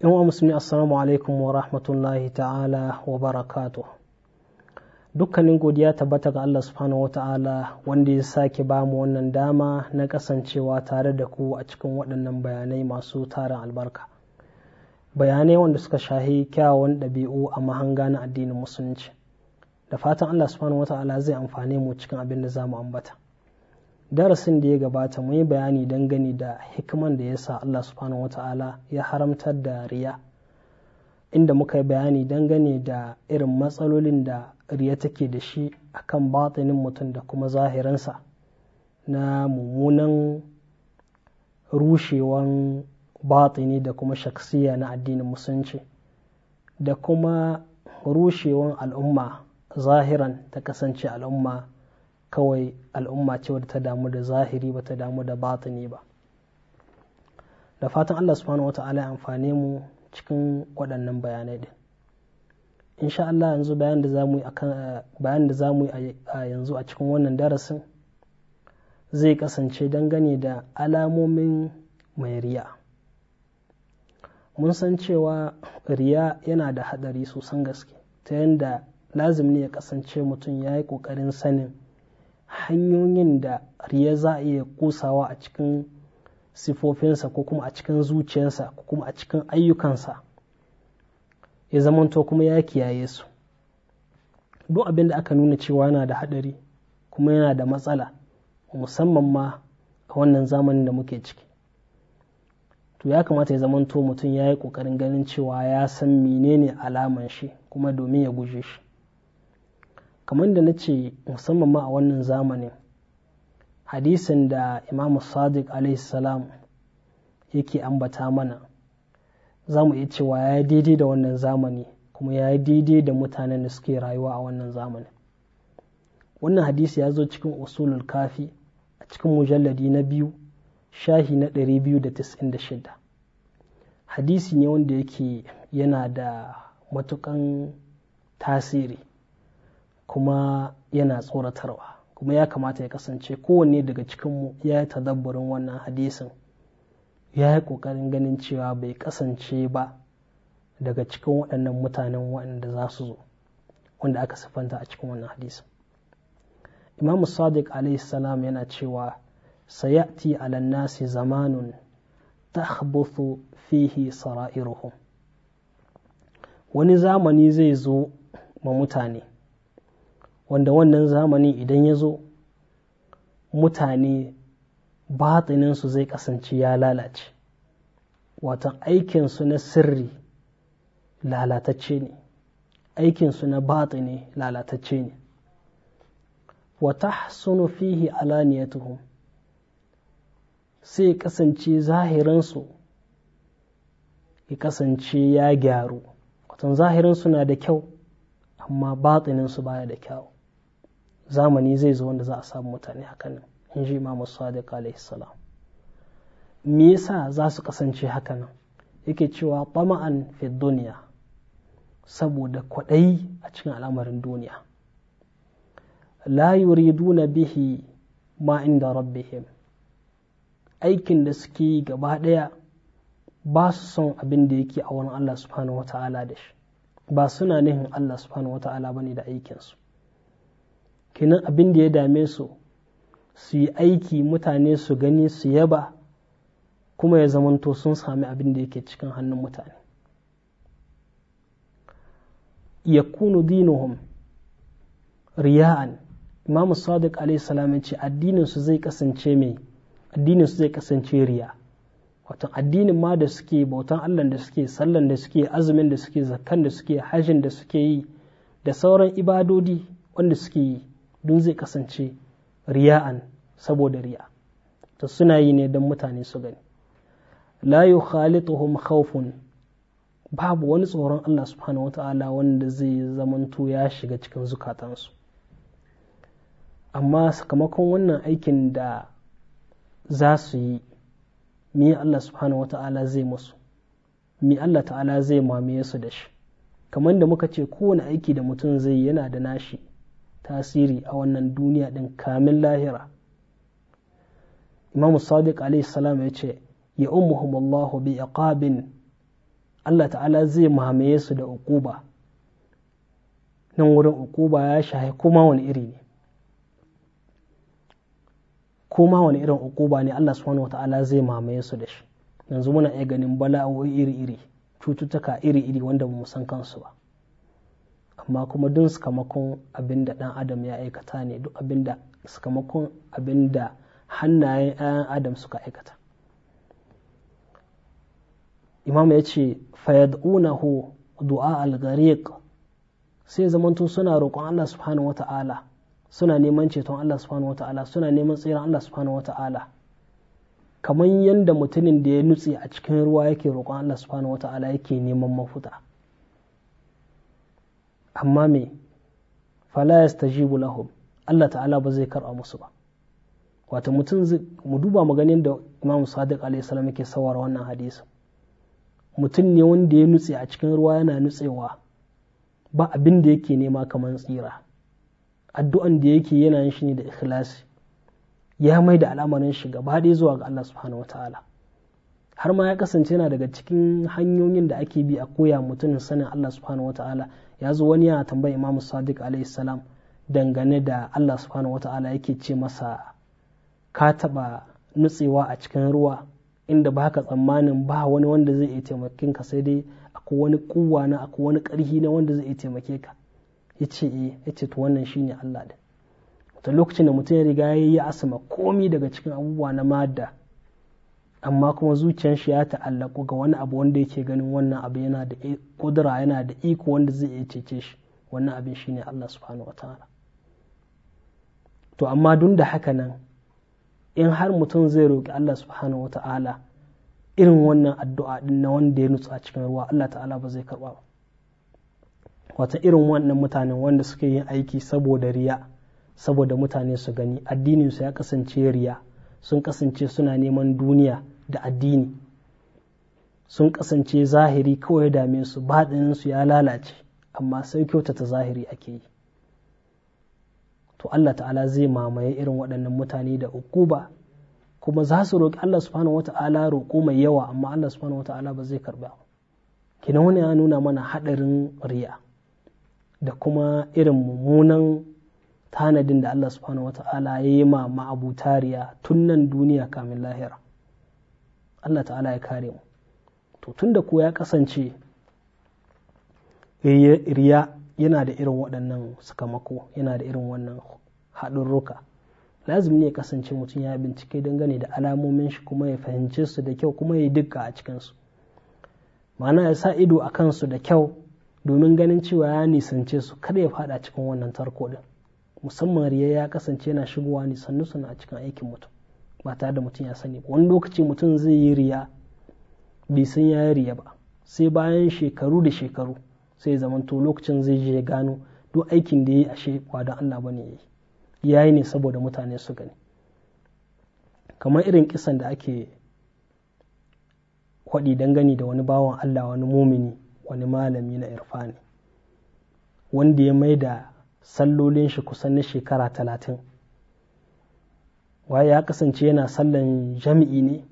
yan uwa musulmi assalamu alaikum wa rahmatullahi ta'ala wa barakatu dukkanin godiya tabbata ga Allah subhanahu wa ta'ala wanda ya sake ba mu wannan dama na kasancewa tare da ku a cikin waɗannan bayanai masu tarin albarka bayanai wanda suka shahi kyawun ɗabi'u a mahanga na addinin musulunci da fatan Allah subhanahu wa ta'ala zai amfane mu cikin abin da za mu ambata darasin da ya gabata mu yi bayani dangane da hikiman da ya sa Allah subhanahu wata'ala ya haramtar da riya inda muka yi bayani dangane da irin matsalolin da riya take da shi akan batinin mutum da kuma zahirinsa na mummunan rushewan batini da kuma shaksiya na addinin musulunci da kuma rushewan al'umma zahiran ta kasance al'umma kawai al'umma ce wadda ta damu da zahiri ba ta damu da batini ba da fatan Allah subhanahu ta'ala ya amfane mu cikin waɗannan bayanai din insha Allah yanzu bayan da za mu yi a yanzu a cikin wannan darasin zai kasance dangane da alamomin mai riya mun san cewa riya yana da haɗari sosan gaske ta yadda lazim ne ya kasance mutum ya yi ƙoƙarin sanin hanyoyin da riya za a iya kusawa a cikin sifofinsa ko kuma a cikin zuciyarsa ko kuma a cikin ayyukansa ya zamanto kuma ya kiyaye su duk abin da aka nuna cewa yana da haɗari kuma yana da matsala musamman ma a wannan zamanin da muke ciki to ya kamata ya zamanto mutum ya yi ƙoƙarin ganin cewa ya san menene alaman shi kuma domin ya guje shi kamar da na ce musamman ma a wannan zamanin hadisin da imam sadiq salam yake ambata mana za mu iya cewa ya daidai da wannan zamani kuma ya daidai da mutanen da suke rayuwa a wannan zamanin wannan hadisi ya zo cikin usulul kafi a cikin mujalladi na biyu shahi na 296 hadisi ne wanda yake yana da matukan tasiri kuma yana tsoratarwa kuma ya kamata ya kasance kowanne daga cikinmu ya yi tadabbarin wannan hadisin ya yi ƙoƙarin ganin cewa bai kasance ba daga cikin waɗannan mutanen waɗanda za su zo wanda aka siffanta a cikin wannan hadisin imam sadiq alaihi salam yana cewa sayati ala nasi zamanun tahbuthu fihi sara'iruhum wani zamani zai zo ma mutane wanda wannan zamani idan ya zo mutane batsininsu zai kasance ya lalace watan aikinsu na sirri lalatacce ne aikinsu na batsini lalatacce ne wata sunu fihi alaniyatuhum sai kasance zahiransu ya kasance ya gyaru watan zahirinsu na da kyau amma batsininsu baya da kyau zamani zai zo wanda za a samu mutane hakan nan in ji imamu sadiq alaihi salam me yasa za su kasance haka nan yake cewa tama'an fi duniya saboda kwaɗayi a cikin al'amarin duniya la yuriduna bihi ma inda rabbihim aikin da suke yi gaba ɗaya ba su son abin da yake a wurin Allah subhanahu ta'ala da shi ba suna nihin Allah subhanahu ba bane da aikinsu kenan abin da ya dame su su yi aiki mutane su gani su yaba kuma ya zamanto sun sami abin da yake cikin hannun mutane ya kunu dinuhum riya'an imamu sadiq alaihi salam ya ce addininsu zai kasance mai addininsu zai kasance riya wato addinin ma da suke bautan allah da suke sallan da suke azumin da suke zakkan da suke hajjin da suke yi da sauran ibadodi wanda suke yi duk zai kasance riya'an saboda riya ta suna yi ne don mutane su gani layu yukhalituhum khawfun babu wani tsoron Allah subhanahu wata'ala wanda zai zamanto ya shiga cikin zukatansu amma sakamakon wannan aikin da za su yi mi Allah subhanahu wata'ala zai musu me Allah ta'ala zai mame su da shi kamar da muka ce kowane aiki da mutum zai yana da nashi tasiri a wannan duniya ɗin kamin lahira imam sadiq alaihi salam ya ce ya ummuhum Allah bi iqabin Allah ta'ala zai mamaye su da uquba nan wurin uquba ya shahi kuma wani iri ne kuma wani irin uquba ne Allah subhanahu wa ta'ala zai mamaye su da shi yanzu muna iya ganin bala'o'i iri-iri cututtuka iri-iri wanda ba mu san kansu ba amma kuma duk sakamakon abin da ɗan adam ya aikata ne duk abin da sakamakon abin da hannayen 'ya'yan adam suka aikata imam ya ce fayad'unahu du'a al-ghariq sai zamanto suna roƙon Allah subhanahu wata'ala suna neman ceton Allah subhanahu wata'ala suna neman tsiran Allah subhanahu wata'ala kamar yadda mutumin da ya nutse a cikin ruwa yake roƙon Allah subhanahu wata'ala yake neman mafuta amma me fala yastajibu lahum Allah ta'ala ba zai karɓa musu ba wato mutum mu duba mu ganin da Imam Sadiq alaihi salam yake sawar wannan hadisi mutum ne wanda ya nutse a cikin ruwa yana nutsewa ba abin da yake nema kamar tsira addu'an da yake yana yin shi ne da ikhlasi ya mai da al'amarin shi gaba ɗaya zuwa ga Allah subhanahu wataala har ma ya kasance yana daga cikin hanyoyin da ake bi a koya mutum sanin Allah subhanahu wataala ya zo wani yana tambayar imamu sadiq alayhi salam dangane da allah subhanahu ta'ala yake ce masa ka taɓa nutsewa a cikin ruwa inda ba ka tsammanin ba wani wanda zai iya taimakin ka sai dai akwai wani kuwa na akwai wani ƙarfi na wanda zai iya taimake ka ya ce eh ya to wannan shine allah din wata lokacin da mutum ya riga ya yi asama komi daga cikin abubuwa na mada amma kuma zuciyar shi ya ta'allaku ga wani abu wanda yake ganin wannan abu yana da kudura yana da iko wanda zai iya cece shi wannan abin shi ne Allah subhanahu wataala to amma duk da haka nan in har mutum zai roƙi Allah subhanahu wataala irin wannan addu'a din na wanda ya nutsu a cikin ruwa Allah ta'ala ba zai karba ba wata irin wannan mutanen wanda suke yin aiki saboda riya saboda mutane su gani addinin su ya kasance riya sun kasance suna neman duniya da addini sun kasance zahiri kawai ya dame su su ya lalace amma sai kyautata zahiri ake yi to Allah ta'ala zai mamaye irin waɗannan mutane da ukuba kuma za su roƙi Allah subhanahu wata'ala roƙo mai yawa amma Allah subhanahu wata'ala ba zai karɓa kina wani ya nuna mana haɗarin riya da kuma irin mummunan tanadin da Allah subhanahu wata'ala ya yi ma ma'abuta riya tun nan duniya kamin lahira Allah ta'ala ya kare mu to tunda ko ya kasance riya yana da irin waɗannan sakamako yana da irin wannan haɗurruka lazumi ne ya kasance mutum ya bincike dangane da alamomin shi kuma ya fahimce su da kyau kuma ya dukka a cikinsu Mana ya sa ido a kansu da kyau domin ganin cewa ya nisance su kada ya faɗa cikin wannan tarko din musamman riya ya kasance yana shigowa nisan nisan a cikin aikin mutum ba tare da mutum ya sani ba wani lokaci mutum zai yi riya bai san ya yi riya ba sai bayan shekaru da shekaru sai zamanto lokacin zai je gano duk aikin da ya yi ashe ba don Allah bane ya yayi ya yi ne saboda mutane su gani kamar irin kisan da ake kwaɗi dangane da wani bawan Allah wani mumini wani malami na irfani wanda ya mai da sallolin shi kusan na shekara talatin waye ya kasance yana sallan jami'i ne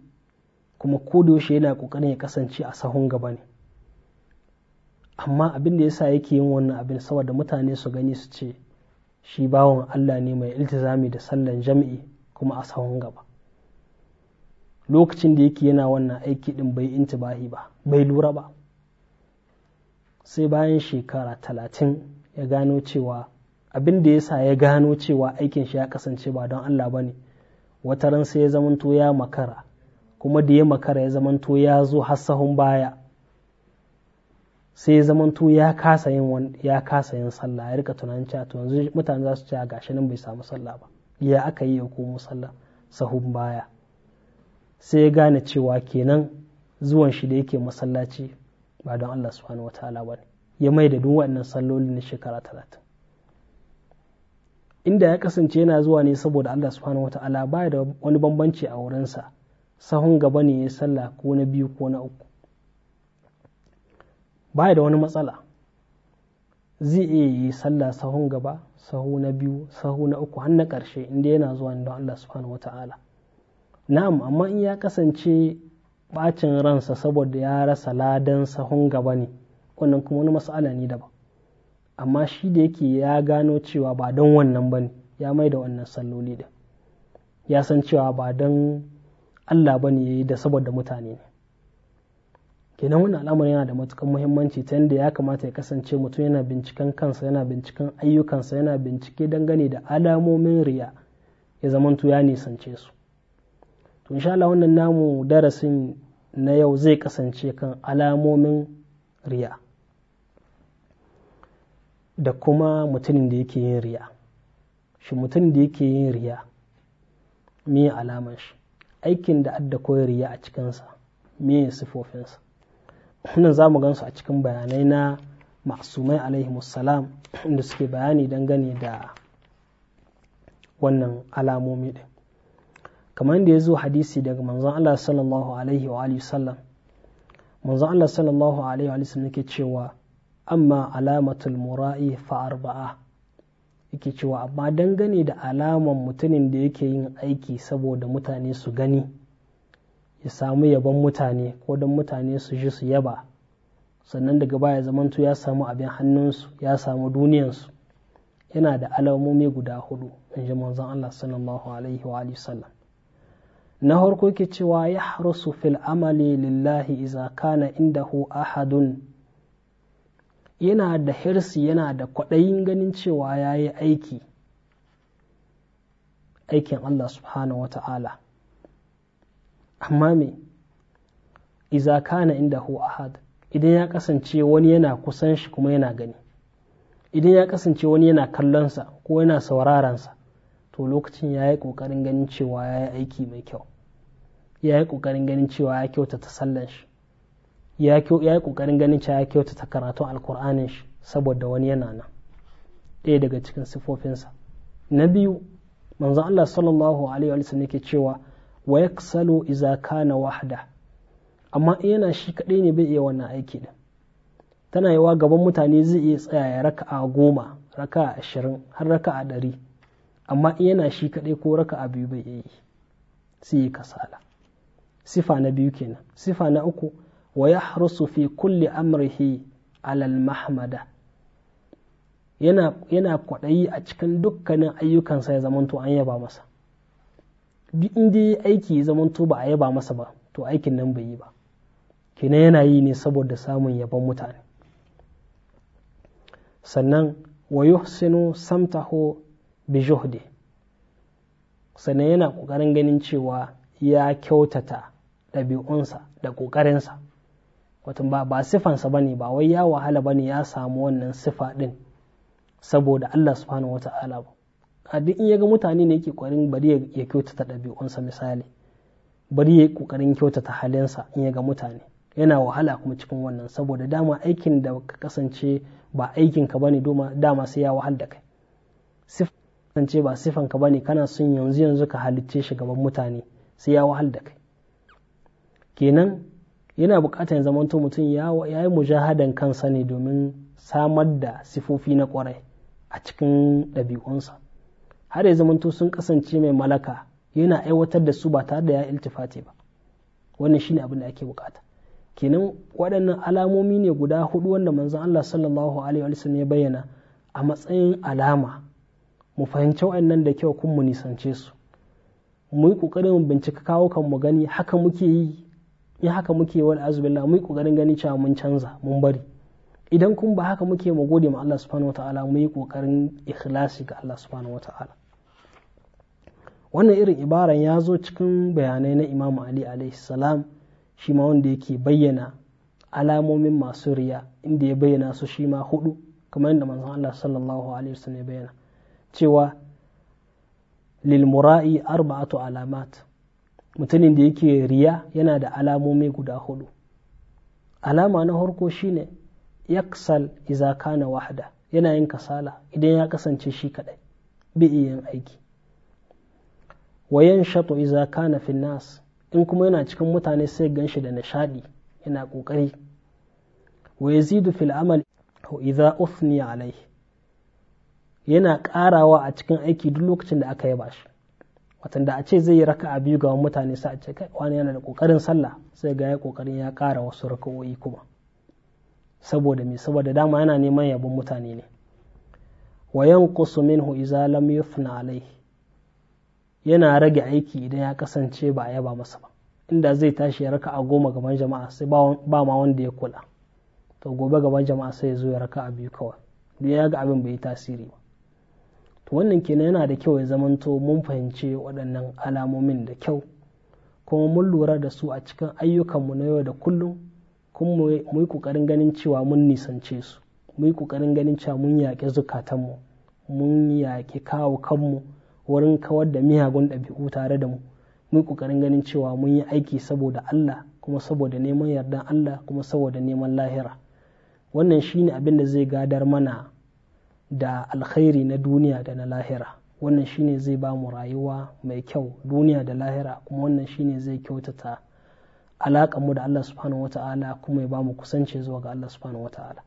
kuma ko da yaushe yana kokarin ya kasance a sahun gaba ne amma abin da yasa yake yin wannan abin saboda mutane su gani su ce shi bawan Allah ne mai iltizami da sallan jami'i kuma a sahun gaba lokacin da yake yana wannan aiki din bai intibahi ba bai lura ba sai bayan shekara talatin ya gano cewa abin da ya sa ya gano cewa aikin shi ya kasance ba don Allah ba ne wata ran sai ya zamanto ya makara kuma da ya makara ya zamanto ya zo hassahun baya sai ya zamanto ya kasa yin ya kasa yin sallah ya rika tunanin cewa to yanzu mutane za su ce gashi nan bai samu sallah ba ya aka yi ya komo sallah sahun baya sai ya gane cewa kenan zuwan shi da yake masallaci ba don Allah subhanahu wataala ba ya mai da duk wannan sallolin na shekara talatin inda ya kasance yana zuwa ne saboda Allah subhanahu wata'ala ba da wani bambanci a wurinsa sahun gaba ne ya sallah ko na biyu ko na uku ba da wani matsala zai iya yi sallah sahun gaba sahu na biyu sahu na uku har na ƙarshe inda yana zuwa ne don Allah subhanahu wata'ala na'am amma in ya kasance bacin ransa saboda ya rasa ladan sahun gaba ne wannan kuma wani matsala ne daban amma shi da yake ya gano cewa ba don wannan ba ne ya mai da wannan salloli da ya san cewa ba don Allah ba ne ya yi da saboda mutane ne kenan wannan al'amari yana da matukan muhimmanci ta yadda ya kamata ya kasance mutum yana binciken kansa yana binciken ayyukansa yana bincike dangane da alamomin riya ya zamanto ya nisance su to insha Allah wannan namu darasin na yau zai kasance kan alamomin riya da kuma mutumin da yake yin riya shi mutumin da yake yin riya me alamar shi aikin da adda koyar riya a cikinsa me sifofinsa wannan za mu gansu a cikin bayanai na masumai alaihimussalam da suke bayani dangane da wannan alamomi ɗin kamar da ya zo hadisi daga manzon Allah sallallahu alaihi wa sallam manzon Allah sallallahu alaihi wa sallam yake cewa amma alamatul mura'i arba'a. yake cewa amma dangane da alaman mutumin da yake yin aiki saboda mutane su gani ya samu yabon mutane ko don mutane su ji su yaba sannan daga baya zamantu ya samu abin hannunsu ya samu duniyansu yana da alamomi guda hudu in ji manzon Allah sallallahu alaihi wa sallam na harko ke cewa ya harusu fil amali lillahi iza kana indahu ahadun yana da hirsi yana da kwaɗayin ganin cewa ya yi aiki aikin Allah subhanahu wa ta'ala amma me iza kana inda hu ahad idan ya kasance wani yana kusan shi kuma yana gani idan ya kasance wani yana kallonsa ko yana saurarensa to lokacin ya yi ƙoƙarin ganin cewa ya yi aiki mai kyau ya yi ƙoƙarin ganin cewa ya kyautata sallan shi ya yi kokarin ganin cewa ya kyautata karatun alkur'anin shi saboda wani yana nan ɗaya daga cikin sifofinsa na biyu manzo Allah sallallahu alaihi wa sallam yake cewa wa yaksalu idza kana wahda amma in yana shi kaɗai ne bai iya wannan aiki din tana yawa gaban mutane zai iya tsaya ya raka'a goma raka'a ashirin har raka'a ɗari amma in yana shi kaɗai ko raka'a biyu bai iya yi sai ya kasala sifa na biyu kenan sifa na uku wa yahrusu fi kulli amrihi alal mahmada yana kwaɗayi a cikin dukkanin ayyukansa ya zamanto an yaba masa duk inda aiki ya zamanto ba a yaba masa ba to aikin nan bai yi ba Kina yana yi ne saboda samun yabon mutane sannan wa Samtaho samtahu bi sannan yana ƙoƙarin ganin cewa ya kyautata ɗabi'unsa da ƙoƙarinsa watan ba ba sifansa bane ba wai ya wahala bane ya samu wannan sifa din saboda Allah subhanahu wata'ala ba a duk in yaga mutane ne yake kwarin bari ya kyautata ɗabi'unsa misali bari ya kokarin kyautata halinsa in yaga mutane yana wahala kuma cikin wannan saboda dama aikin da ka kasance ba aikin ka bane dama sai ya wahal da kai kasance ba sifan ka bane kana son yanzu yanzu ka halicce shi gaban mutane sai ya wahal da kai kenan yana ya zamanto mutum ya yi mujahadan kansa ne domin samar da sifofi na ƙwarai a cikin ɗabi'unsa har ya zamanto sun kasance mai malaka yana aiwatar da su ba tare da ya iltifati ba wannan shine abin da ake bukata kenan waɗannan alamomi ne guda hudu wanda manzon Allah sallallahu alaihi wa ya bayyana a matsayin alama mu fahimci waɗannan da kyau kun mu nisance su mu yi ƙoƙarin bincika kawo kan mu gani haka muke yi ya haka muke wal azubillah mu yi kokarin ganin cewa mun canza mun bari idan kun ba haka muke mu gode ma Allah subhanahu wataala mu yi kokarin ikhlasi ga Allah subhanahu wataala wannan irin ibaran ya zo cikin bayanai na Imam Ali alaihi salam shi ma wanda yake bayyana alamomin masu riya inda ya bayyana su shi ma hudu kamar yadda manzon Allah sallallahu alaihi wasallam ya bayyana cewa lil mura'i arba'atu alamat mutumin da yake riya yana da alamomi guda hudu alama na harko shine yaksal iza kana wahda yana yin kasala idan ya kasance shi kadai bi yin aiki wayan shato iza kana finnas in kuma yana cikin mutane sai gan shi da nishadi yana kokari waya zidu fil amal idza uthni alai yana karawa a cikin aiki duk lokacin da aka yaba shi watan da a ce zai yi a biyu ga mutane sai a ce kai wani yana da kokarin sallah sai ga ya kokarin ya kara wasu raka'o'i kuma saboda me saboda dama yana neman yabon mutane ne wa yanqusu minhu idza lam yufna alayhi yana rage aiki idan ya kasance ba a yaba masa ba inda zai tashi ya raka a goma gaban jama'a sai ba ma wanda ya kula to gobe gaban jama'a sai ya zo ya raka a biyu kawai duk ya ga abin bai yi tasiri ba to wannan kenan yana da kyau ya zamanto mun fahimci waɗannan alamomin da kyau kuma mun lura da su a cikin ayyukanmu na yau da kullum kuma mu yi ƙoƙarin ganin cewa mun nisance su mu yi ƙoƙarin ganin cewa mun yaƙi zukatanmu mun yaƙi kawo kanmu wurin kawar da miyagun ɗabi'u tare da mu mu yi ƙoƙarin ganin cewa mun yi aiki saboda Allah kuma saboda neman yardan Allah kuma saboda neman lahira wannan shine abin da zai gadar mana da alkhairi na duniya da na lahira wannan shine zai ba mu rayuwa mai kyau duniya da lahira kuma wannan shine zai kyautata mu da Allah subhanahu wata'ala kuma ya ba mu kusance zuwa ga Allah subhanahu wata'ala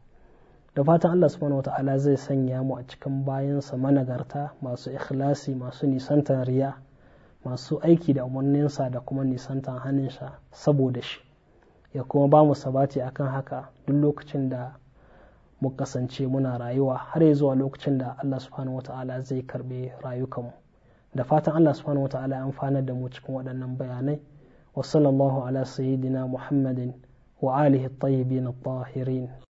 da fatan Allah subhanahu wata'ala zai sanya mu a cikin bayansa managarta masu ikhlasi masu nisantan riya masu aiki da umarninsa da kuma hannun hannunsa saboda shi ya kuma ba mu sabati akan haka duk lokacin da mu kasance muna rayuwa har zuwa lokacin da Allah subhanahu ta'ala zai karbe rayukanmu da fatan Allah subhanahu ta'ala ya amfana da mu cikin waɗannan bayanai wa sallallahu ala sayyidina muhammadin wa alihi at-tayyibin at-tahirin